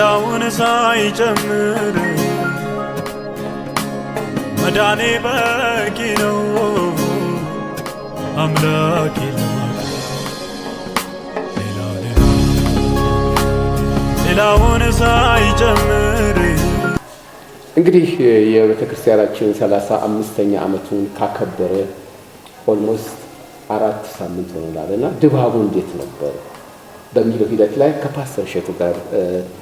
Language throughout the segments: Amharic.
ሌላውን ሳይጨምር መዳኔ በቂ ነው አምላኬ ሌላውን ሳይጨምር እንግዲህ የቤተ ክርስቲያናችን ሰላሳ አምስተኛ ዓመቱን ካከበረ ኦልሞስት አራት ሳምንት ሆኖላል እና ድባቡ እንዴት ነበር? በሚለው ሂደት ላይ ከፓስተር ሸቱ ጋር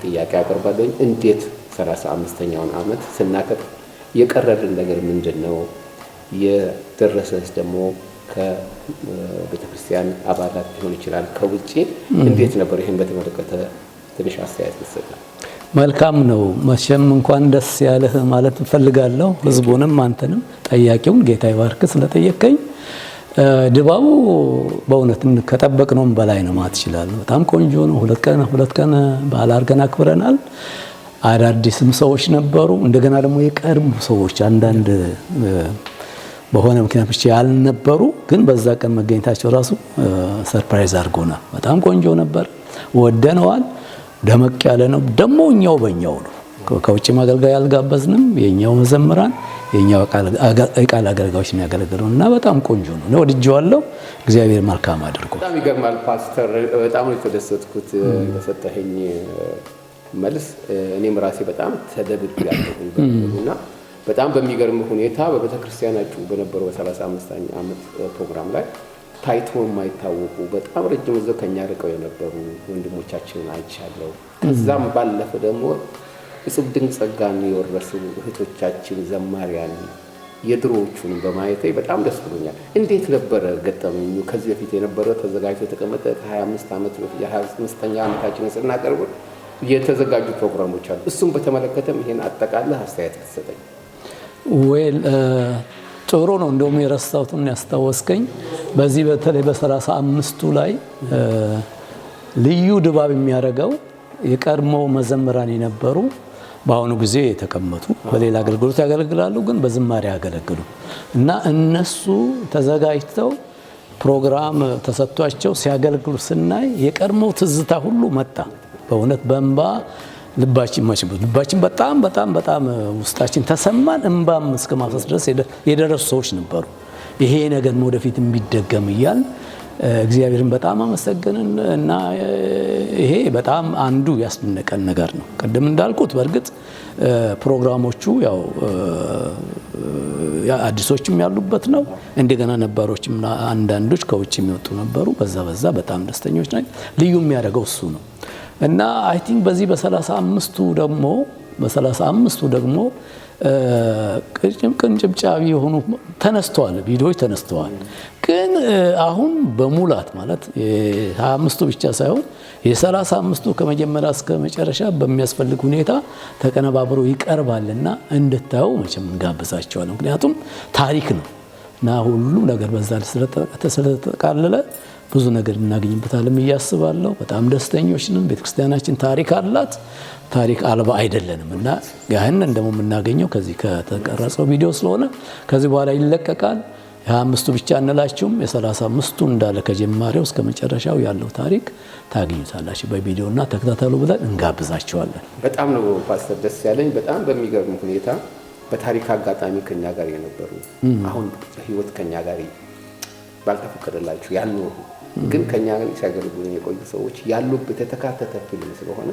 ጥያቄ አቅርባለኝ። እንዴት ሰላሳ አምስተኛውን ዓመት ስናከብር የቀረልን ነገር ምንድን ነው? የደረሰስ ደግሞ ከቤተ ክርስቲያን አባላት ሊሆን ይችላል ከውጭ እንዴት ነበር? ይህን በተመለከተ ትንሽ አስተያየት ይሰጣል። መልካም ነው። መቼም እንኳን ደስ ያለህ ማለት እፈልጋለሁ። ህዝቡንም አንተንም ጠያቂውን ጌታ ይባርክ ስለጠየቀኝ ድባቡ በእውነት ከጠበቅነውም በላይ ነው ማለት ይችላል። በጣም ቆንጆ ነው። ሁለት ቀን ሁለት ቀን በዓል አድርገን አክብረናል። አዳዲስም ሰዎች ነበሩ። እንደገና ደግሞ የቀድሞ ሰዎች አንዳንድ በሆነ ምክንያት ብቻ ያልነበሩ ግን በዛ ቀን መገኘታቸው ራሱ ሰርፕራይዝ አድርጎናል። በጣም ቆንጆ ነበር። ወደነዋል። ደመቅ ያለ ነው። ደግሞ እኛው በእኛው ነው። ከውጭ ማገልጋይ አልጋበዝንም። የእኛው መዘምራን የእኛ የቃል አገልጋዮች የሚያገለግለው እና በጣም ቆንጆ ነው ነው ወድጄዋለሁ። እግዚአብሔር መልካም አድርጎ በጣም ይገርማል። ፓስተር በጣም ነው የተደሰትኩት በሰጠኸኝ መልስ። እኔም ራሴ በጣም ተደብድቤያለሁ እና በጣም በሚገርም ሁኔታ በቤተክርስቲያናችሁ በነበረው በ35 ዓመት ፕሮግራም ላይ ታይቶ የማይታወቁ በጣም ረጅም ዘው ከኛ ርቀው የነበሩ ወንድሞቻችንን አይቻለሁ። ከዛም ባለፈ ደግሞ እጽብ ድንቅ ጸጋን የወረሱ እህቶቻችን ዘማሪያን የድሮዎቹን በማየቴ በጣም ደስ ብሎኛል። እንዴት ነበረ ገጠመኙ? ከዚህ በፊት የነበረ ተዘጋጅቶ የተቀመጠ ከ25 ዓመት የ25ኛ ዓመታችንን ስናቀርብ የተዘጋጁ ፕሮግራሞች አሉ። እሱም በተመለከተም ይሄን አጠቃለህ አስተያየት ከተሰጠኝ። ወይል ጥሩ ነው። እንደውም የረሳሁትን ያስታወስከኝ። በዚህ በተለይ በሰላሳ አምስቱ ላይ ልዩ ድባብ የሚያደርገው የቀድሞ መዘምራን የነበሩ በአሁኑ ጊዜ የተቀመጡ በሌላ አገልግሎት ያገለግላሉ፣ ግን በዝማሬ ያገለግሉ እና እነሱ ተዘጋጅተው ፕሮግራም ተሰጥቷቸው ሲያገለግሉ ስናይ የቀድሞው ትዝታ ሁሉ መጣ። በእውነት በእንባ ልባችን መችቡ ልባችን በጣም በጣም በጣም ውስጣችን ተሰማን። እንባም እስከ ማፈስ ድረስ የደረሱ ሰዎች ነበሩ። ይሄ ነገር ወደፊት የሚደገም እያል እግዚአብሔርን በጣም አመሰገንን እና ይሄ በጣም አንዱ ያስደነቀን ነገር ነው። ቅድም እንዳልኩት በእርግጥ ፕሮግራሞቹ ያው አዲሶችም ያሉበት ነው። እንደገና ነባሮችም አንዳንዶች ከውጭ የሚወጡ ነበሩ። በዛ በዛ በጣም ደስተኞች ነ ልዩ የሚያደርገው እሱ ነው እና አይ ቲንክ በዚህ በሰላሳ አምስቱ ደግሞ በሰላሳ አምስቱ ደግሞ ቅንጭብጫቢ የሆኑ ተነስተዋል፣ ቪዲዮዎች ተነስተዋል። ግን አሁን በሙላት ማለት የሀያ አምስቱ ብቻ ሳይሆን የሰላሳ አምስቱ ከመጀመሪያ እስከ መጨረሻ በሚያስፈልግ ሁኔታ ተቀነባብሮ ይቀርባልና እንድታዩ መቼም እንጋብዛቸዋለን። ምክንያቱም ታሪክ ነው እና ሁሉ ነገር በዛ ስለተጠቃለለ ብዙ ነገር እናገኝበት ብዬ አስባለሁ። በጣም ደስተኞች ነን። ቤተክርስቲያናችን ታሪክ አላት። ታሪክ አልባ አይደለንም እና ያህንን ደግሞ የምናገኘው ከዚህ ከተቀረጸው ቪዲዮ ስለሆነ ከዚህ በኋላ ይለቀቃል። የሀያ አምስቱ ብቻ እንላችሁም የሰላሳ አምስቱ እንዳለ ከጀማሪው እስከ መጨረሻው ያለው ታሪክ ታገኙታላችሁ በቪዲዮ እና ተከታተሉ ብለን እንጋብዛችኋለን። በጣም ነው ፓስተር ደስ ያለኝ። በጣም በሚገርም ሁኔታ በታሪክ አጋጣሚ ከኛ ጋር የነበሩ አሁን ህይወት ከኛ ጋር ባልተፈቀደላችሁ ያልኖሩ ግን ከኛ ጋር ሲያገለግሉን የቆዩ ሰዎች ያሉበት የተካተተ ፊልም ስለሆነ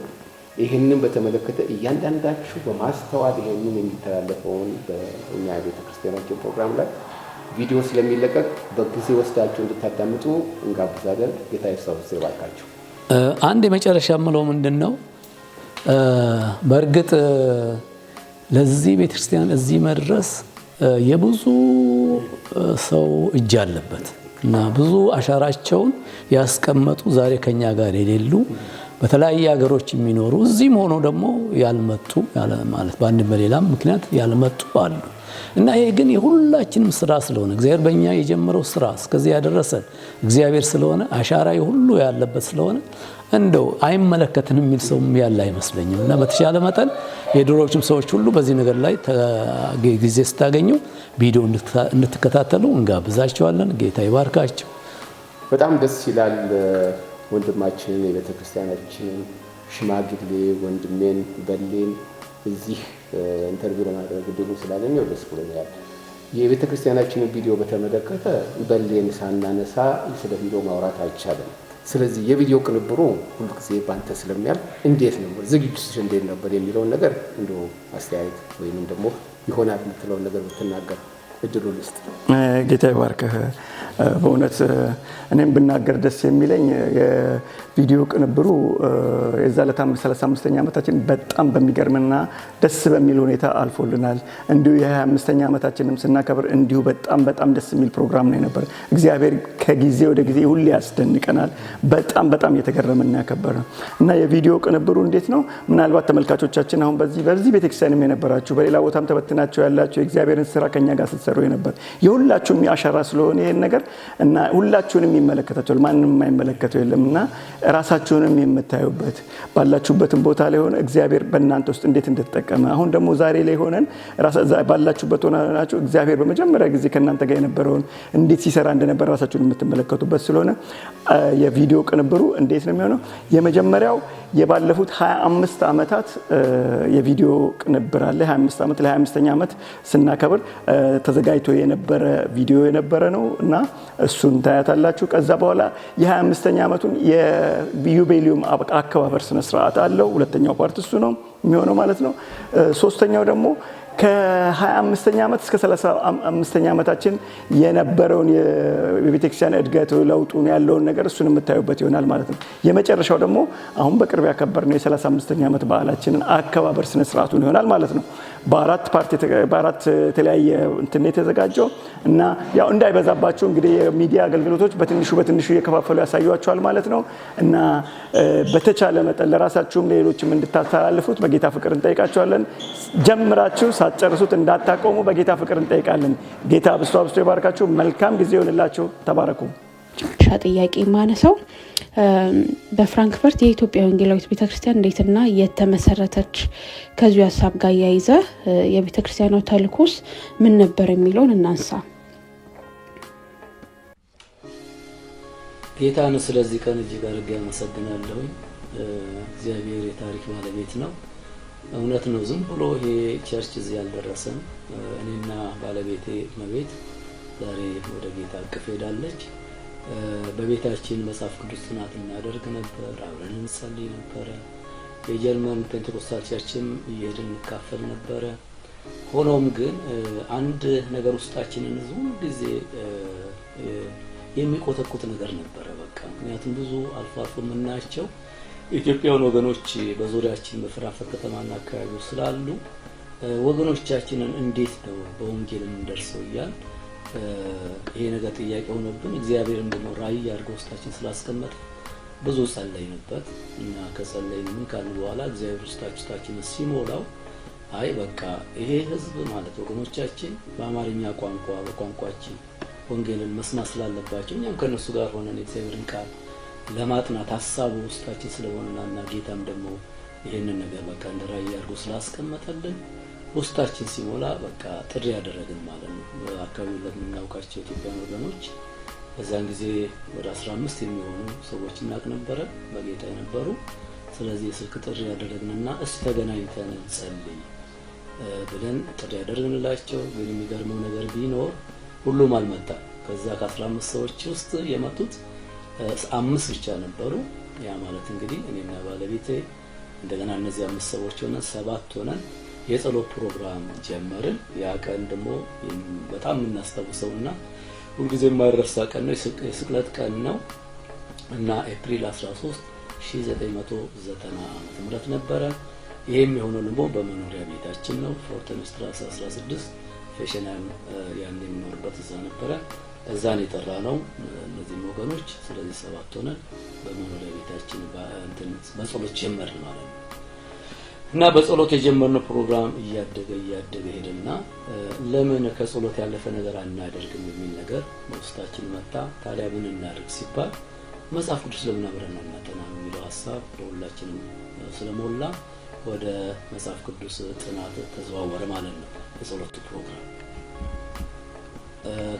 ይህንን በተመለከተ እያንዳንዳችሁ በማስተዋል ይህንን የሚተላለፈውን በእኛ ቤተ ክርስቲያናችን ፕሮግራም ላይ ቪዲዮ ስለሚለቀቅ በጊዜ ወስዳችሁ እንድታዳምጡ እንጋብዛለን። ጌታ የሰው ባካችሁ። አንድ የመጨረሻ የምለው ምንድን ነው፣ በእርግጥ ለዚህ ቤተክርስቲያን እዚህ መድረስ የብዙ ሰው እጅ አለበት። እና ብዙ አሻራቸውን ያስቀመጡ ዛሬ ከኛ ጋር የሌሉ በተለያየ ሀገሮች የሚኖሩ እዚህም ሆኖ ደግሞ ያልመጡ ማለት በአንድም በሌላም ምክንያት ያልመጡ አሉ እና ይሄ ግን የሁላችንም ስራ ስለሆነ እግዚአብሔር በእኛ የጀመረው ስራ እስከዚህ ያደረሰን እግዚአብሔር ስለሆነ አሻራ ሁሉ ያለበት ስለሆነ እንደው አይመለከትንም የሚል ሰውም ያለ አይመስለኝም። እና በተሻለ መጠን የድሮዎችም ሰዎች ሁሉ በዚህ ነገር ላይ ጊዜ ስታገኙ ቪዲዮ እንድትከታተሉ እንጋብዛቸዋለን። ጌታ ይባርካቸው። በጣም ደስ ይላል። ወንድማችን የቤተ ሽማግሌ ወንድሜን በሌን እዚህ ኢንተርቪው ለማድረግ ድሉ ስላገኘ ደስ ብሎኛል። የቤተ ክርስቲያናችንን ቪዲዮ በተመለከተ በሌን ሳናነሳ ስለ ቪዲዮ ማውራት አይቻልም። ስለዚህ የቪዲዮ ቅንብሩ ሁሉ ጊዜ ባንተ ስለሚያል እንዴት ነው ዝግጅት እንዴት ነበር የሚለውን ነገር እንደ አስተያየት ወይም ደግሞ ይሆናል የምትለውን ነገር ብትናገር እድሉ ልስጥ። ጌታ ይባርክህ በእውነት እኔም ብናገር ደስ የሚለኝ የቪዲዮ ቅንብሩ የዛ ለ35ኛ ዓመታችን በጣም በሚገርምና ደስ በሚል ሁኔታ አልፎልናል። እንዲሁ የ25ኛ ዓመታችንም ስናከብር እንዲሁ በጣም በጣም ደስ የሚል ፕሮግራም ነው የነበር። እግዚአብሔር ከጊዜ ወደ ጊዜ ሁሌ ያስደንቀናል። በጣም በጣም እየተገረምን ያከበረ እና የቪዲዮ ቅንብሩ እንዴት ነው? ምናልባት ተመልካቾቻችን አሁን በዚህ በዚህ ቤተክርስቲያንም የነበራችሁ በሌላ ቦታም ተበትናቸው ያላችሁ የእግዚአብሔርን ስራ ከኛ ጋር ስትሰሩ የነበር የሁላችሁም የአሻራ ስለሆነ ይህን ነገር እና ሁላችሁንም ይመለከታቸዋል። ማንም የማይመለከተው የለም እና ራሳችሁንም የምታዩበት ባላችሁበትን ቦታ ላይ ሆነ እግዚአብሔር በእናንተ ውስጥ እንዴት እንደተጠቀመ አሁን ደግሞ ዛሬ ላይ ሆነን ባላችሁበት ሆናችሁ እግዚአብሔር በመጀመሪያ ጊዜ ከእናንተ ጋር የነበረውን እንዴት ሲሰራ እንደነበር ራሳችሁን የምትመለከቱበት ስለሆነ የቪዲዮ ቅንብሩ እንዴት ነው የሚሆነው? የመጀመሪያው የባለፉት 25 ዓመታት የቪዲዮ ቅንብር አለ። 25 ዓመት ለ25ኛ ዓመት ስናከብር ተዘጋጅቶ የነበረ ቪዲዮ የነበረ ነው እና እሱን ታያታላችሁ። ካላችሁ ከዛ በኋላ የ25ኛ ዓመቱን የዩቤሊየም አከባበር ስነስርዓት አለው። ሁለተኛው ፓርት እሱ ነው። የሚሆነው ማለት ነው። ሶስተኛው ደግሞ ከ25ኛ ዓመት እስከ 35ኛ ዓመታችን የነበረውን የቤተክርስቲያን እድገት ለውጡን ያለውን ነገር እሱን የምታዩበት ይሆናል ማለት ነው። የመጨረሻው ደግሞ አሁን በቅርብ ያከበርነው የ35ኛ ዓመት በዓላችንን አከባበር ስነስርዓቱን ይሆናል ማለት ነው። በአራት ፓርቲ በአራት የተለያየ እንትን የተዘጋጀው እና ያው እንዳይበዛባቸው እንግዲህ የሚዲያ አገልግሎቶች በትንሹ በትንሹ እየከፋፈሉ ያሳዩቸዋል ማለት ነው እና በተቻለ መጠን ለራሳችሁም ለሌሎችም እንድታስተላልፉት በጌታ ፍቅር እንጠይቃችኋለን። ጀምራችሁ ሳትጨርሱት እንዳታቆሙ በጌታ ፍቅር እንጠይቃለን። ጌታ አብስቶ አብስቶ ይባርካችሁ። መልካም ጊዜ ይሆንላችሁ። ተባረኩ። ሻ ጥያቄ ማነሰው በፍራንክፈርት የኢትዮጵያ ወንጌላዊት ቤተክርስቲያን እንዴትና የተመሰረተች ከዚ ሀሳብ ጋር እያይዘ የቤተክርስቲያኗ ተልኮስ ምን ነበር የሚለውን እናንሳ። ጌታን ስለዚህ ቀን እጅግ አድርጌ አመሰግናለሁ። እግዚአብሔር የታሪክ ባለቤት ነው። እውነት ነው። ዝም ብሎ ይሄ ቸርች እዚህ ያልደረሰም እኔና ባለቤቴ መቤት ዛሬ ወደ ጌታ አቅፍ ሄዳለች። በቤታችን መጽሐፍ ቅዱስ ጥናት እናደርግ ነበር፣ አብረን እንጸልይ ነበረ። የጀርመን ፔንቴኮስታል ቸርችም እየሄድን እንካፈል ነበረ። ሆኖም ግን አንድ ነገር ውስጣችንን ብዙም ጊዜ የሚቆተኩት ነገር ነበረ። በቃ ምክንያቱም ብዙ አልፎ አልፎ የምናያቸው የኢትዮጵያውያን ወገኖች በዙሪያችን በፍራንፈር ከተማና አካባቢ ስላሉ ወገኖቻችንን እንዴት ነው በወንጌል የምንደርሰው እያል ይሄ ነገር ጥያቄ ሆነብን። እግዚአብሔርም ደግሞ ራዕይ አድርጎ ውስጣችን ስላስቀመጠ ብዙ ጸለይንበት እና ከጸለይ ምን ካሉ በኋላ እግዚአብሔር ውስጣችንን ሲሞላው አይ በቃ ይሄ ህዝብ ማለት ወገኖቻችን በአማርኛ ቋንቋ በቋንቋችን ወንጌልን መስማት ስላለባቸው እኛም ከእነሱ ጋር ሆነን የእግዚአብሔርን ቃል ለማጥናት ሀሳቡ ውስጣችን ስለሆነና እና ጌታም ደግሞ ይህንን ነገር በቃ እንደ ራእይ አድርጎ ስላስቀመጠልን ውስጣችን ሲሞላ በቃ ጥሪ ያደረግን ማለት ነው። አካባቢ ለምናውቃቸው ኢትዮጵያን ወገኖች በዛን ጊዜ ወደ 15 የሚሆኑ ሰዎች እናቅ ነበረ በጌታ የነበሩ። ስለዚህ የስልክ ጥሪ ያደረግንና እስ ተገናኝተን ጸልይ ብለን ጥሪ ያደረግንላቸው። ግን የሚገርመው ነገር ቢኖር ሁሉም አልመጣም። ከዛ ከ15 ሰዎች ውስጥ የመጡት አምስት ብቻ ነበሩ። ያ ማለት እንግዲህ እኔና ባለቤቴ እንደገና እነዚህ አምስት ሰዎች ሆነን ሰባት ሆነን የጸሎት ፕሮግራም ጀመርን። ያ ቀን ደግሞ በጣም የምናስታውሰው እና ሁልጊዜ የማይረሳ ቀን ነው፣ የስቅለት ቀን ነው እና ኤፕሪል 13 1990 ዓመተ ነበረ። ይህም የሆነው ደግሞ በመኖሪያ ቤታችን ነው። ፎርተን ስትራስ 16 ፌሽናን ያን የሚኖርበት እዛ ነበረ። እዛን የጠራ ነው። እነዚህም ወገኖች ስለዚህ ሰባት ሆነን በመኖሪያ ቤታችን በጸሎት ጀመርን ማለት ነው እና በጸሎት የጀመርነው ፕሮግራም እያደገ እያደገ ሄደና ለምን ከጸሎት ያለፈ ነገር አናደርግም የሚል ነገር በውስጣችን መጣ። ታዲያ ምን እናደርግ ሲባል መጽሐፍ ቅዱስ ለምን አብረን እናጠና የሚለው ሀሳብ በሁላችንም ስለሞላ ወደ መጽሐፍ ቅዱስ ጥናት ተዘዋወረ ማለት ነው የጸሎቱ ፕሮግራም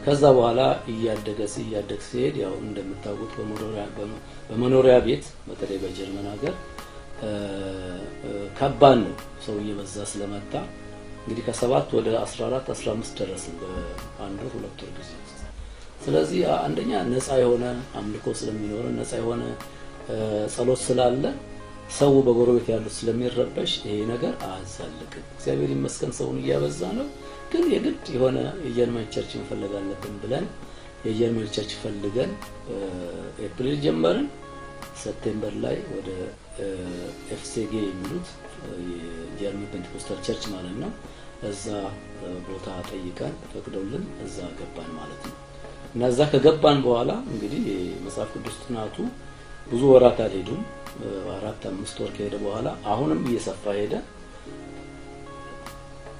ከዛ በኋላ እያደገ እያደግ ሲሄድ ያው እንደምታውቁት በመኖሪያ ቤት በተለይ በጀርመን ሀገር ከባድ ነው። ሰው እየበዛ ስለመጣ እንግዲህ ከሰባት ወደ 14 15 ደረስን በአንድ ሁለት ወር ጊዜ ውስጥ። ስለዚህ አንደኛ ነፃ የሆነ አምልኮ ስለሚኖረ ነፃ የሆነ ጸሎት ስላለ ሰው በጎረቤት ያሉት ስለሚረበሽ ይሄ ነገር አያዛልቅም። እግዚአብሔር ይመስገን ሰውን እያበዛ ነው። ግን የግድ የሆነ የጀርመን ቸርች መፈለግ አለብን ብለን የጀርመን ቸርች ፈልገን ኤፕሪል ጀመርን። ሰፕቴምበር ላይ ወደ ኤፍሴጌ የሚሉት የጀርመን ፔንቴኮስታል ቸርች ማለት ነው እዛ ቦታ ጠይቀን ፈቅደውልን እዛ ገባን ማለት ነው። እና እዛ ከገባን በኋላ እንግዲህ መጽሐፍ ቅዱስ ጥናቱ ብዙ ወራት አልሄዱም። አራት አምስት ወር ከሄደ በኋላ አሁንም እየሰፋ ሄደ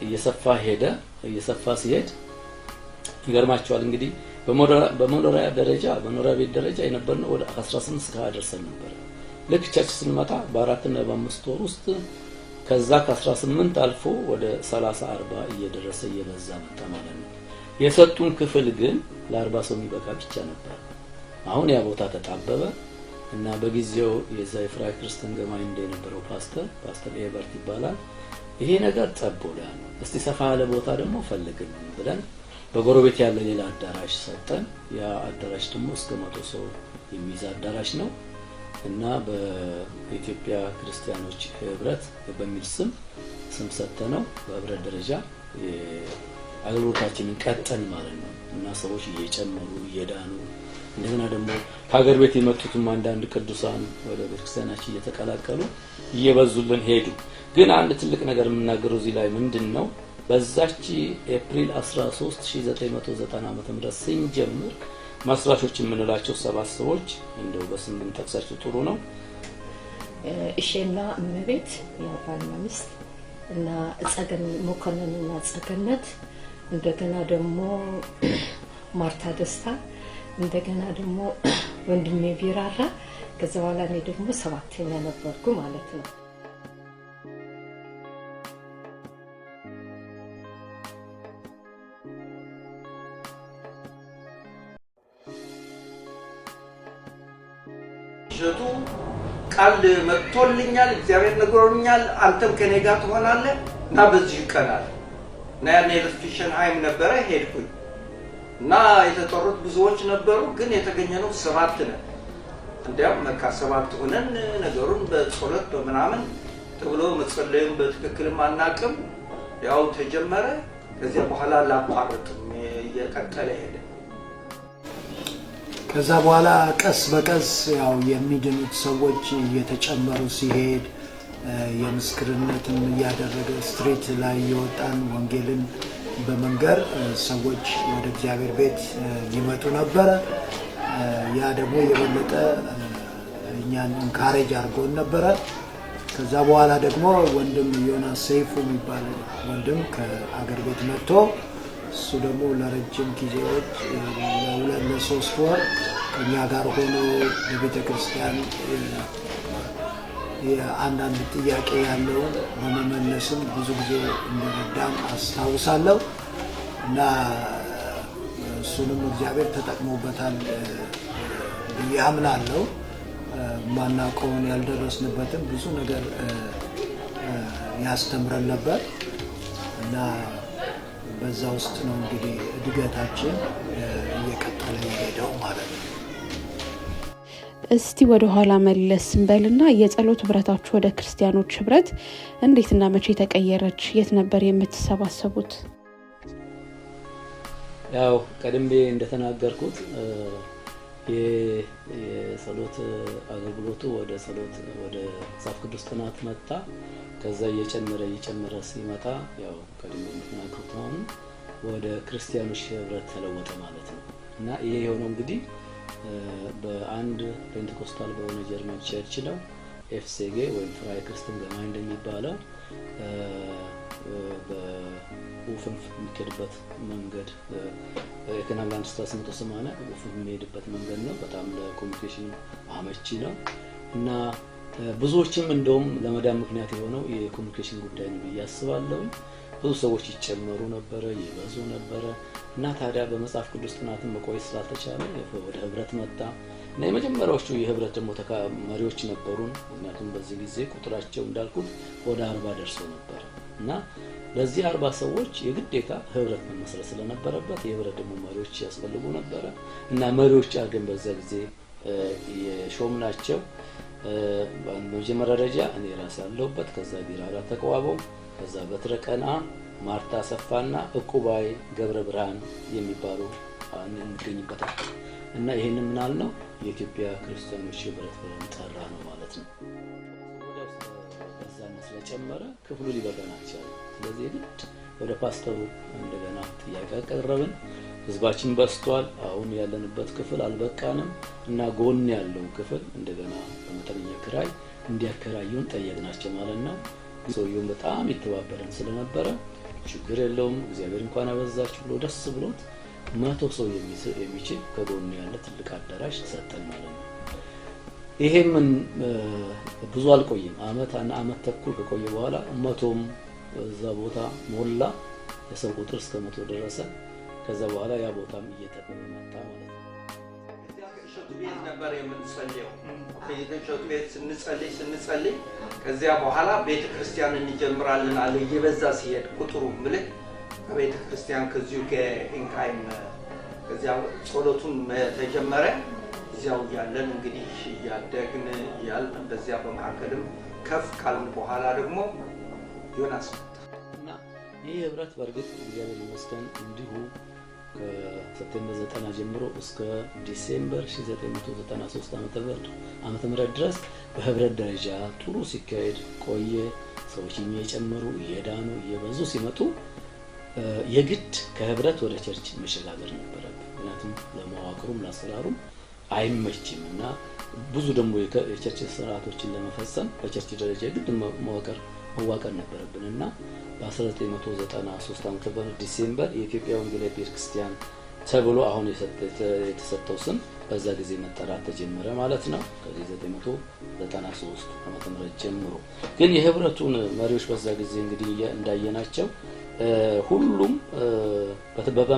እየሰፋ ሄደ። እየሰፋ ሲሄድ ይገርማቸዋል። እንግዲህ በመኖሪያ ደረጃ በመኖሪያ ቤት ደረጃ የነበርነው ወደ 18 እስከ 20 ደርሰን ነበር። ልክ ቸርች ስንመጣ በአራትና በአምስት ወር ውስጥ ከዛ ከ18 አልፎ ወደ 30 40 እየደረሰ እየበዛ መጣ ማለት ነው። የሰጡን ክፍል ግን ለ40 ሰው የሚበቃ ብቻ ነበር። አሁን ያ ቦታ ተጣበበ እና በጊዜው የዛ የፍራይ ክርስቲያን ገማኝ እንደነበረው ፓስተር ፓስተር ኤበርት ይባላል ይሄ ነገር ጠብ ብሎናል፣ እስቲ ሰፋ ያለ ቦታ ደግሞ ፈልግን ብለን በጎረቤት ያለ ሌላ አዳራሽ ሰጠን። ያ አዳራሽ ደግሞ እስከ መቶ ሰው የሚይዝ አዳራሽ ነው እና በኢትዮጵያ ክርስቲያኖች ህብረት በሚል ስም ስም ሰጠ ነው። በህብረት ደረጃ አገልግሎታችንን ቀጠን ማለት ነው እና ሰዎች እየጨመሩ እየዳኑ እንደገና ደግሞ ከሀገር ቤት የመጡትም አንዳንድ ቅዱሳን ወደ ቤተክርስቲያናችን እየተቀላቀሉ እየበዙልን ሄዱ። ግን አንድ ትልቅ ነገር የምናገረው እዚህ ላይ ምንድን ነው፣ በዛች ኤፕሪል 13 1990 ዓ.ም ስንጀምር መስራቾች የምንላቸው ሰባት ሰዎች እንደው በስም ብንጠቅሳቸው ጥሩ ነው። እሼና እመቤት ያው ባልና ሚስት እና ጸገን እና ጸገነት እንደገና ደግሞ ማርታ ደስታ እንደገና ደግሞ ወንድሜ ቢራራ ከዛ በኋላ እኔ ደግሞ ሰባተኛ ነበርኩ ማለት ነው። ቃል መጥቶልኛል፣ እግዚአብሔር ነግሮኛል፣ አንተም ከኔ ጋር ትሆናለህ እና በዚህ ይቀናል እና ያን የለፍሽን ሀይም ነበረ ሄድኩኝ እና የተጠሩት ብዙዎች ነበሩ፣ ግን የተገኘነው ሰባት ነን። እንዲያም መካ ሰባት ሆነን ነገሩን በጸሎት በምናምን ተብሎ መጸለዩን በትክክልም አናቅም። ያው ተጀመረ። ከዚያ በኋላ ላቋርጥም እየቀጠለ ሄደ። ከዛ በኋላ ቀስ በቀስ ያው የሚድኑት ሰዎች እየተጨመሩ ሲሄድ የምስክርነትም እያደረገ ስትሪት ላይ የወጣን ወንጌልን በመንገር ሰዎች ወደ እግዚአብሔር ቤት ይመጡ ነበረ። ያ ደግሞ የበለጠ እኛን እንካሬጅ አድርጎን ነበረ። ከዛ በኋላ ደግሞ ወንድም ዮናስ ሰይፉ የሚባል ወንድም ከአገር ቤት መጥቶ እሱ ደግሞ ለረጅም ጊዜዎች ለሁለት ለሶስት ወር ከኛ ጋር ሆኖ ለቤተ ክርስቲያን የአንዳንድ ጥያቄ ያለውን በመመለስም ብዙ ጊዜ እንደረዳም አስታውሳለሁ እና እሱንም እግዚአብሔር ተጠቅሞበታል ብዬ አምናለሁ። ማናውቀውን ያልደረስንበትም ብዙ ነገር ያስተምረን ነበር እና በዛ ውስጥ ነው እንግዲህ እድገታችን እየቀጠለ የሄደው ማለት ነው። እስቲ ወደ ኋላ መለስ ስንበልና የጸሎት ህብረታችሁ ወደ ክርስቲያኖች ህብረት እንዴትና መቼ ተቀየረች? የት ነበር የምትሰባሰቡት? ያው ቀድሜ እንደተናገርኩት የጸሎት አገልግሎቱ ወደ ጸሎት ወደ መጽሐፍ ቅዱስ ጥናት መጣ። ከዛ እየጨመረ እየጨመረ ሲመጣ ያው ቀድሞ እንደተናገርኩት አሁን ወደ ክርስቲያኖች ህብረት ተለወጠ ማለት ነው። እና ይሄ የሆነው እንግዲህ በአንድ ፔንቴኮስታል በሆነ ጀርመን ቸርች ነው ኤፍሴጌ ወይም ፍራይ ክርስትን ገማይንድ የሚባለው በውፍንፍ የሚሄድበት መንገድ የከናላንድ ስታስ መቶ ሰማንያ ውፍንፍ የሚሄድበት መንገድ ነው። በጣም ለኮሚኒኬሽን አመቺ ነው እና ብዙዎችም እንደውም ለመዳን ምክንያት የሆነው የኮሚኒኬሽን ጉዳይ ነው ብዬ አስባለሁ። ብዙ ሰዎች ይጨመሩ ነበረ፣ ይበዙ ነበረ እና ታዲያ በመጽሐፍ ቅዱስ ጥናትን መቆየት ስላልተቻለ ወደ ህብረት መጣ እና የመጀመሪያዎቹ የህብረት ደግሞ መሪዎች ነበሩን። ምክንያቱም በዚህ ጊዜ ቁጥራቸው እንዳልኩት ወደ አርባ ደርሶ ነበር እና ለዚህ አርባ ሰዎች የግዴታ ህብረት መመስረት ስለነበረበት የህብረት ደግሞ መሪዎች ያስፈልጉ ነበረ እና መሪዎች አድርገን በዛ ጊዜ የሾም ናቸው። በመጀመሪያ ደረጃ እኔ ራስ ያለሁበት ከዛ ቢራ ጋር ተቀዋበው ከዛ በትረቀና ማርታ ሰፋና እቁባይ ገብረ ብርሃን የሚባሉ እንገኝበታል እና ይህንን ምናል ነው የኢትዮጵያ ክርስቲያኖች ህብረት ብለን ጠራ ነው ማለት ነው። በዛነት ስለጨመረ ክፍሉ ሊበቃን ስለዚህ ግድ ወደ ፓስተሩ እንደገና ጥያቄ አቀረብን። ህዝባችን በስቷል። አሁን ያለንበት ክፍል አልበቃንም እና ጎን ያለውን ክፍል እንደገና በመጠነኛ ክራይ እንዲያከራዩን ጠየቅናቸው ማለት ነው። ሰውየውን በጣም ይተባበረን ስለነበረ ችግር የለውም እግዚአብሔር እንኳን አበዛችሁ ብሎ ደስ ብሎት መቶ ሰው የሚችል ከጎን ያለ ትልቅ አዳራሽ ሰጠን ማለት ነው። ይሄም ብዙ አልቆይም፣ አመት እና አመት ተኩል ከቆየ በኋላ መቶም እዛ ቦታ ሞላ። የሰው ቁጥር እስከ መቶ ደረሰ። ከዛ በኋላ ያ ቦታም እየጠበበ መጣ ማለት ነው። እሸቱ ቤት ነበር የምንጸልየው። እሸቱ ቤት ስንጸልይ ስንጸልይ ከዚያ በኋላ ቤተ ክርስቲያን እንጀምራለን አለ። እየበዛ ሲሄድ ቁጥሩ ምልክ ከቤተ ክርስቲያን ከዚሁ ከኢንካይም ከዚያ ጸሎቱን ተጀመረ። እዚያው እያለን እንግዲህ እያደግን እያልን በዚያ በመካከልም ከፍ ካልን በኋላ ደግሞ ዮናስ መጣ እና ይህ ህብረት በእርግጥ እግዚአብሔር ይመስገን እንዲሁ ከ990 ጀምሮ እስከ ዲሴምበር 1993 ዓ.ም ድረስ በህብረት ደረጃ ጥሩ ሲካሄድ ቆየ። ሰዎች እየጨመሩ እየዳኑ እየበዙ ሲመጡ የግድ ከህብረት ወደ ቸርች መሸጋገር ነበረብን። ምክንያቱም ለመዋቅሩም ለአሰራሩም አይመችም እና ብዙ ደግሞ የቸርች ስርዓቶችን ለመፈጸም በቸርች ደረጃ የግድ መዋቀር መዋቀር ነበረብን እና በ1993 ዓ ም ዲሴምበር የኢትዮጵያ ወንጌላዊ ቤተክርስቲያን ተብሎ አሁን የተሰጠው ስም በዛ ጊዜ መጠራት ተጀመረ ማለት ነው። ከ993 ዓ ም ጀምሮ ግን የህብረቱን መሪዎች በዛ ጊዜ እንግዲህ እንዳየናቸው ሁሉም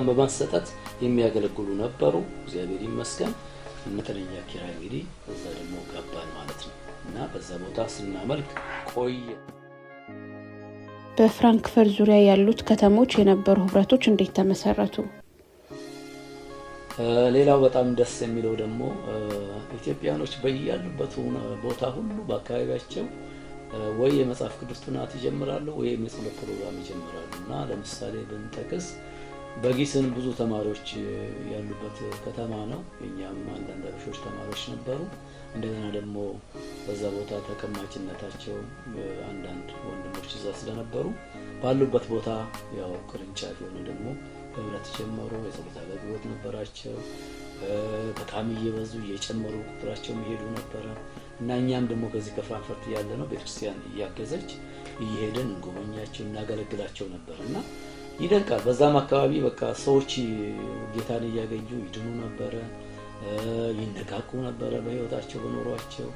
በማሰጠት የሚያገለግሉ ነበሩ። እግዚአብሔር ይመስገን። መጠነኛ ኪራይ እንግዲህ እዛ ደግሞ ገባን ማለት ነው እና በዛ ቦታ ስናመልክ ቆየ። በፍራንክፈርት ዙሪያ ያሉት ከተሞች የነበሩ ህብረቶች እንዴት ተመሰረቱ? ሌላው በጣም ደስ የሚለው ደግሞ ኢትዮጵያኖች በያሉበት ቦታ ሁሉ በአካባቢያቸው ወይ የመጽሐፍ ቅዱስ ጥናት ይጀምራሉ ወይ የመጽሐፍ ፕሮግራም ይጀምራሉ እና ለምሳሌ ብንጠቅስ በጊስን ብዙ ተማሪዎች ያሉበት ከተማ ነው። እኛም አንዳንድ አበሾች ተማሪዎች ነበሩ። እንደገና ደግሞ በዛ ቦታ ተቀማጭነታቸው አንዳንድ ወንድሞች እዛ ስለነበሩ ባሉበት ቦታ ያው ቅርንጫፍ የሆነ ደግሞ በህብረት ጀመሩ። የጸሎት አገልግሎት ነበራቸው። በጣም እየበዙ እየጨመሩ ቁጥራቸው መሄዱ ነበረ እና እኛም ደግሞ ከዚህ ከፍራንክፈርት ያለ ነው ቤተክርስቲያን እያገዘች እየሄደን እንጎበኛቸው እናገለግላቸው ነበር እና ይደንቃል። በዛም አካባቢ በቃ ሰዎች ጌታን እያገኙ ይድኑ ነበረ፣ ይነቃቁ ነበረ በህይወታቸው በኖሯቸው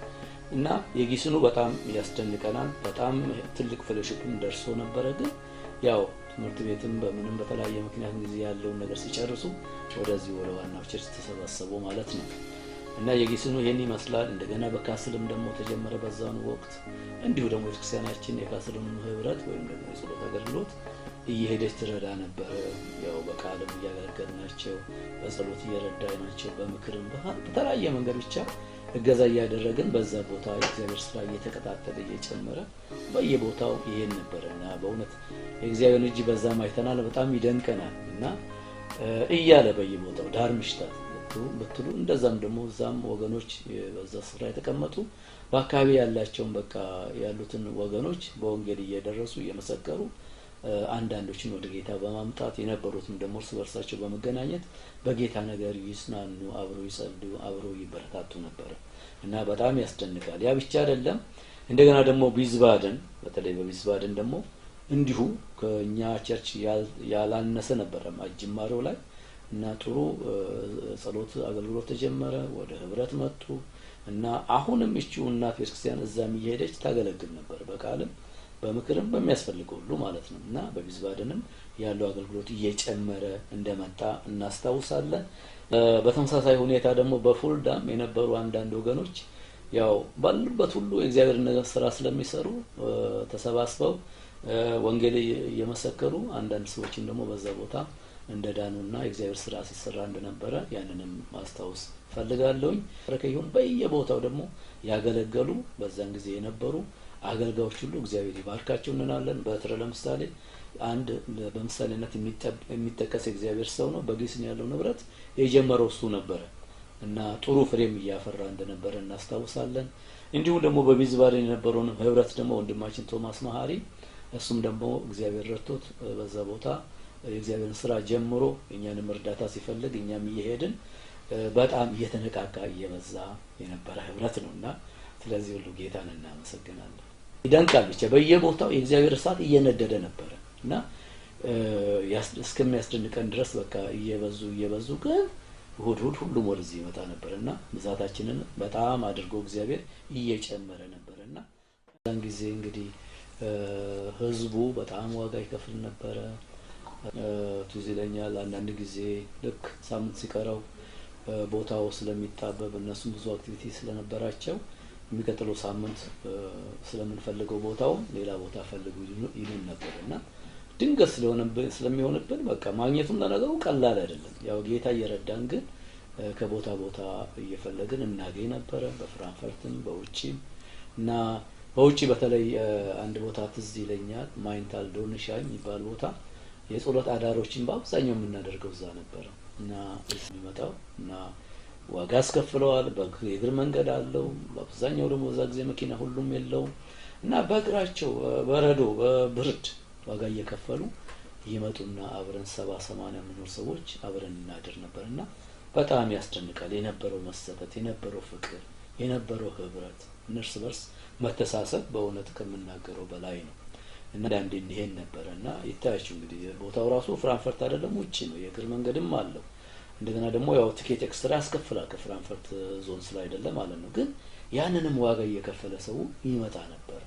እና የጊስኑ በጣም ያስደንቀናል። በጣም ትልቅ ፌሎሺፕም ደርሶ ነበረ። ግን ያው ትምህርት ቤትም በምንም በተለያየ ምክንያት ጊዜ ያለውን ነገር ሲጨርሱ ወደዚህ ወደ ዋናው ቸርች ተሰበሰቡ ማለት ነው። እና የጊስኑ ይህን ይመስላል። እንደገና በካስልም ደግሞ ተጀመረ በዛኑ ወቅት። እንዲሁ ደግሞ ቤተክርስቲያናችን የካስልም ህብረት ወይም ደግሞ የጸሎት አገልግሎት እየሄደች ትረዳ ነበረ። ያው በቃልም ናቸው በጸሎት ናቸው በምክርም በተለያየ መንገድ ብቻ እገዛ እያደረግን በዛ ቦታ የእግዚአብሔር ስራ እየተቀጣጠለ እየጨመረ በየቦታው ይሄን ነበረ እና በእውነት የእግዚአብሔር እጅ በዛ ማይተናል በጣም ይደንቀናል እና እያለ በየቦታው ዳር ምሽታት ብትሉ እንደዛም ደግሞ እዛም ወገኖች በዛ ስፍራ የተቀመጡ በአካባቢ ያላቸውን በቃ ያሉትን ወገኖች በወንጌል እየደረሱ እየመሰከሩ አንዳንዶችን ወደ ጌታ በማምጣት የነበሩትም ደግሞ እርስ በርሳቸው በመገናኘት በጌታ ነገር ይስናኑ፣ አብሮ ይጸልዩ፣ አብሮ ይበረታቱ ነበረ እና በጣም ያስደንቃል። ያ ብቻ አይደለም። እንደገና ደግሞ ቢዝባደን በተለይ በቢዝባደን ደግሞ እንዲሁ ከኛ ቸርች ያላነሰ ነበረ አጅማሬው ላይ እና ጥሩ ጸሎት አገልግሎት ተጀመረ። ወደ ህብረት መጡ እና አሁንም እቺው እናት ቤተክርስቲያን እዛም እየሄደች ታገለግል ነበር በቃልም በምክርም በሚያስፈልገው ሁሉ ማለት ነው እና በቢዝባደንም ያለው አገልግሎት እየጨመረ እንደመጣ እናስታውሳለን። በተመሳሳይ ሁኔታ ደግሞ በፉልዳም የነበሩ አንዳንድ ወገኖች ያው ባሉበት ሁሉ የእግዚአብሔር ነገር ስራ ስለሚሰሩ ተሰባስበው ወንጌል እየመሰከሩ አንዳንድ ሰዎችም ደግሞ በዛ ቦታ ዳኑና የእግዚአብሔር ስራ ሲሰራ እንደነበረ ያንንም ማስታወስ ፈልጋለሁኝ። ረከ ይሁን በየቦታው ደግሞ ያገለገሉ በዛን ጊዜ የነበሩ አገልጋዮች ሁሉ እግዚአብሔር ይባርካቸው እንላለን። በትረ ለምሳሌ አንድ በምሳሌነት የሚጠቀስ የእግዚአብሔር ሰው ነው። በግስን ያለው ንብረት የጀመረው እሱ ነበረ እና ጥሩ ፍሬም እያፈራ እንደነበረ እናስታውሳለን። እንዲሁም ደግሞ በሚዝባር የነበረውን ህብረት ደግሞ ወንድማችን ቶማስ መሀሪ እሱም ደግሞ እግዚአብሔር ረድቶት በዛ ቦታ የእግዚአብሔርን ስራ ጀምሮ እኛንም እርዳታ ሲፈልግ እኛም እየሄድን በጣም እየተነቃቃ እየበዛ የነበረ ህብረት ነው እና ስለዚህ ሁሉ ጌታን እናመሰግናለን። ይደንቃል። ብቻ በየቦታው የእግዚአብሔር እሳት እየነደደ ነበረ እና እስከሚያስደንቀን ድረስ በቃ እየበዙ እየበዙ ግን እሁድ እሁድ ሁሉም ወደዚህ ይመጣ ነበር እና ብዛታችንን በጣም አድርጎ እግዚአብሔር እየጨመረ ነበር እና ዛን ጊዜ እንግዲህ ህዝቡ በጣም ዋጋ ይከፍል ነበረ። ትዝ ይለኛል አንዳንድ ጊዜ ልክ ሳምንት ሲቀረው ቦታው ስለሚጣበብ እነሱም ብዙ አክቲቪቲ ስለነበራቸው የሚቀጥለው ሳምንት ስለምንፈልገው ቦታውም ሌላ ቦታ ፈልጉ ይሉን ነበር እና ድንገት ስለሚሆንብን በቃ ማግኘቱም ለነገሩ ቀላል አይደለም። ያው ጌታ እየረዳን ግን ከቦታ ቦታ እየፈለግን እናገኝ ነበረ። በፍራንፈርትም በውጭም እና በውጭ በተለይ አንድ ቦታ ትዝ ይለኛል፣ ማይንታል ዶንሻ የሚባል ቦታ የጸሎት አዳሮችን በአብዛኛው የምናደርገው እዛ ነበረ እና የሚመጣው እና ዋጋ አስከፍለዋል። የእግር መንገድ አለው። በአብዛኛው ደግሞ በዛ ጊዜ መኪና ሁሉም የለውም እና በእግራቸው በረዶ በብርድ ዋጋ እየከፈሉ ይመጡና አብረን ሰባ ሰማንያ የምኖር ሰዎች አብረን እናድር ነበር እና በጣም ያስደንቃል የነበረው መሰጠት የነበረው ፍቅር የነበረው ህብረት እነርስ በርስ መተሳሰብ በእውነት ከምናገረው በላይ ነው እና ይሄን ነበረ እና ይታያችሁ እንግዲህ ቦታው ራሱ ፍራንፈርት አይደለም ውጭ ነው የእግር መንገድም አለው እንደገና ደግሞ ያው ቲኬት ኤክስትራ ያስከፍላል ከፍራንፈርት ዞን uh, አይደለም ማለት ነው። ግን ያንንም ዋጋ እየከፈለ ሰው ይመጣ ነበር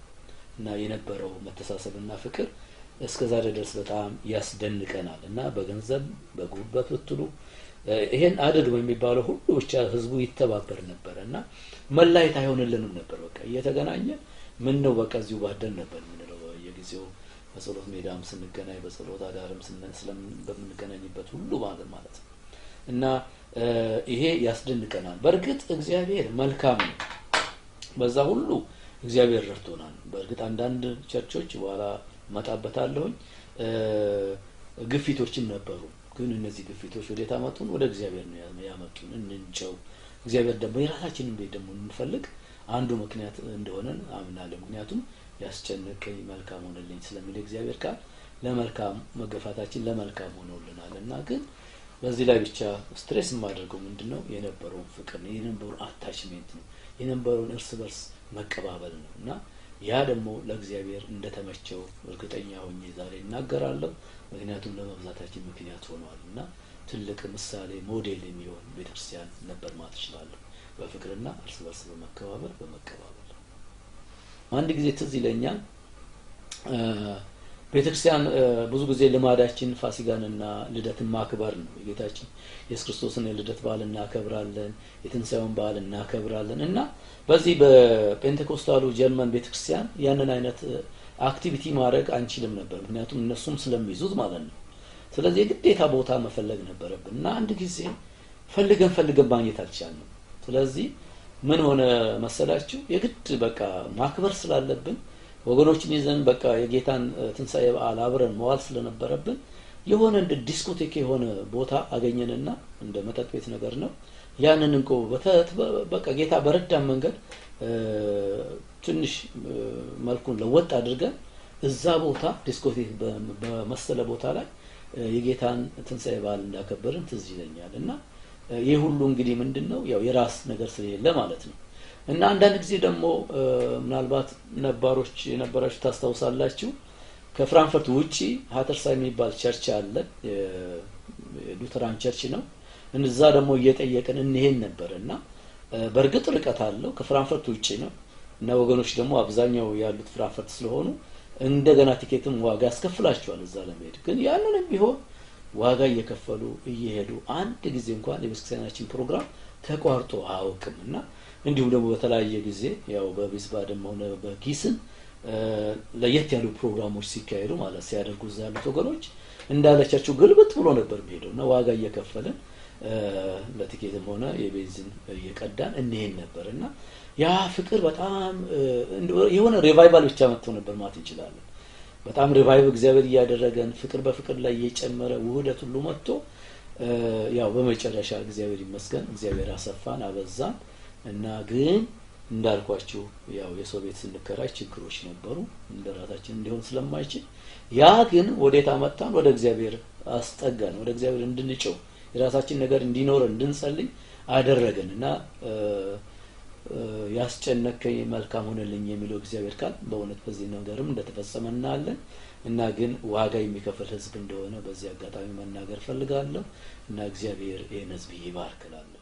እና የነበረው መተሳሰብና ፍቅር እስከ ዛሬ ድረስ በጣም ያስደንቀናል እና በገንዘብ በጉልበት ብትሉ uh, ይሄን አድርግ የሚባለው ሁሉ ብቻ ህዝቡ ይተባበር ነበር እና መላየት አይሆንልንም ነበር። በቃ እየተገናኘ ምን ነው በቃ እዚሁ ባደን ነበር የምንለው በየጊዜው በጸሎት ሜዳም ስንገናኝ በጸሎት አዳርም ስለምንገናኝበት ሁሉ ማለት ማለት ነው። እና ይሄ ያስደንቀናል። በእርግጥ እግዚአብሔር መልካም ነው። በዛ ሁሉ እግዚአብሔር ረድቶናል። በእርግጥ አንዳንድ ቸርቾች በኋላ መጣበታለሁኝ ግፊቶችም ነበሩ። ግን እነዚህ ግፊቶች ወዴት አመጡን? ወደ እግዚአብሔር ነው ያመጡን። እንንጨው። እግዚአብሔር ደግሞ የራሳችንን ቤት ደግሞ እንፈልግ አንዱ ምክንያት እንደሆነን አምናለሁ። ምክንያቱም ያስጨነቀኝ መልካም ሆነልኝ ስለሚል እግዚአብሔር ቃል ለመልካም መገፋታችን ለመልካም ሆኖልናል እና ግን በዚህ ላይ ብቻ ስትሬስ የማደርገው ምንድን ነው የነበረውን ፍቅር ነው የነበረው አታችሜንት ነው የነበረውን እርስ በርስ መቀባበል ነው እና ያ ደግሞ ለእግዚአብሔር እንደተመቸው እርግጠኛ ሆኜ ዛሬ እናገራለሁ። ምክንያቱም ለመብዛታችን ምክንያት ሆኗል እና ትልቅ ምሳሌ ሞዴል የሚሆን ቤተክርስቲያን ነበር ማለት እችላለሁ። በፍቅርና እርስ በርስ በመከባበር በመቀባበል አንድ ጊዜ ትዝ ይለኛል ቤተክርስቲያን ብዙ ጊዜ ልማዳችን ፋሲጋንና ልደትን ማክበር ነው። የጌታችን የኢየሱስ ክርስቶስን የልደት በዓል እናከብራለን፣ የትንሳኤውን በዓል እናከብራለን እና በዚህ በጴንቴኮስታሉ ጀርመን ቤተክርስቲያን ያንን አይነት አክቲቪቲ ማድረግ አንችልም ነበር፣ ምክንያቱም እነሱም ስለሚይዙት ማለት ነው። ስለዚህ የግዴታ ቦታ መፈለግ ነበረብን እና አንድ ጊዜ ፈልገን ፈልገን ማግኘት አልቻልንም። ስለዚህ ምን ሆነ መሰላችሁ? የግድ በቃ ማክበር ስላለብን ወገኖችን ይዘን በቃ የጌታን ትንሣኤ በዓል አብረን መዋል ስለነበረብን የሆነ እንደ ዲስኮቴክ የሆነ ቦታ አገኘንና እንደ መጠጥ ቤት ነገር ነው። ያንን እንቆ በቃ ጌታ በረዳን መንገድ ትንሽ መልኩን ለወጥ አድርገን እዛ ቦታ ዲስኮቴክ በመሰለ ቦታ ላይ የጌታን ትንሣኤ በዓል እንዳከበርን ትዝ ይለኛል። እና ይህ ሁሉ እንግዲህ ምንድን ነው ያው የራስ ነገር ስለሌለ ማለት ነው። እና አንዳንድ ጊዜ ደግሞ ምናልባት ነባሮች የነበራችሁ ታስታውሳላችሁ ከፍራንፈርት ውጪ ሀተርሳ የሚባል ቸርች አለ የሉተራን ቸርች ነው እንዛ ደግሞ እየጠየቅን እንሄን ነበር እና በእርግጥ ርቀት አለው ከፍራንፈርት ውጪ ነው እና ወገኖች ደግሞ አብዛኛው ያሉት ፍራንፈርት ስለሆኑ እንደገና ቲኬትም ዋጋ ያስከፍላቸዋል እዛ ለመሄድ ግን ያንንም ቢሆን ዋጋ እየከፈሉ እየሄዱ አንድ ጊዜ እንኳን የቤተክርስቲያናችን ፕሮግራም ተቋርጦ አያውቅም እና እንዲሁም ደግሞ በተለያየ ጊዜ ያው በቤስባድም ሆነ በኪስን ለየት ያሉ ፕሮግራሞች ሲካሄዱ ማለት ሲያደርጉ እዛ ያሉት ወገኖች እንዳለቻቸው ግልብት ብሎ ነበር የሚሄደው እና ዋጋ እየከፈልን ለትኬትም ሆነ የቤንዚን እየቀዳን እንሄን ነበር እና ያ ፍቅር በጣም የሆነ ሪቫይቫል ብቻ መጥቶ ነበር ማለት እንችላለን። በጣም ሪቫይቭ እግዚአብሔር እያደረገን ፍቅር በፍቅር ላይ እየጨመረ ውህደት ሁሉ መጥቶ ያው በመጨረሻ እግዚአብሔር ይመስገን እግዚአብሔር አሰፋን፣ አበዛን። እና ግን እንዳልኳችሁ ያው የሰው ቤት ስንከራይ ችግሮች ነበሩ፣ ራሳችን እንዲሆን ስለማይችል ያ ግን ወዴት አመጣን? ወደ እግዚአብሔር አስጠጋን። ወደ እግዚአብሔር እንድንጨው የራሳችን ነገር እንዲኖረን እንድንጸልይ አደረገን እና ያስጨነከኝ መልካም ሆነልኝ የሚለው እግዚአብሔር ቃል በእውነት በዚህ ነገርም እንደተፈጸመ እናያለን እና ግን ዋጋ የሚከፍል ሕዝብ እንደሆነ በዚህ አጋጣሚ መናገር ፈልጋለሁ እና እግዚአብሔር ይህን ሕዝብ ይባርክላል።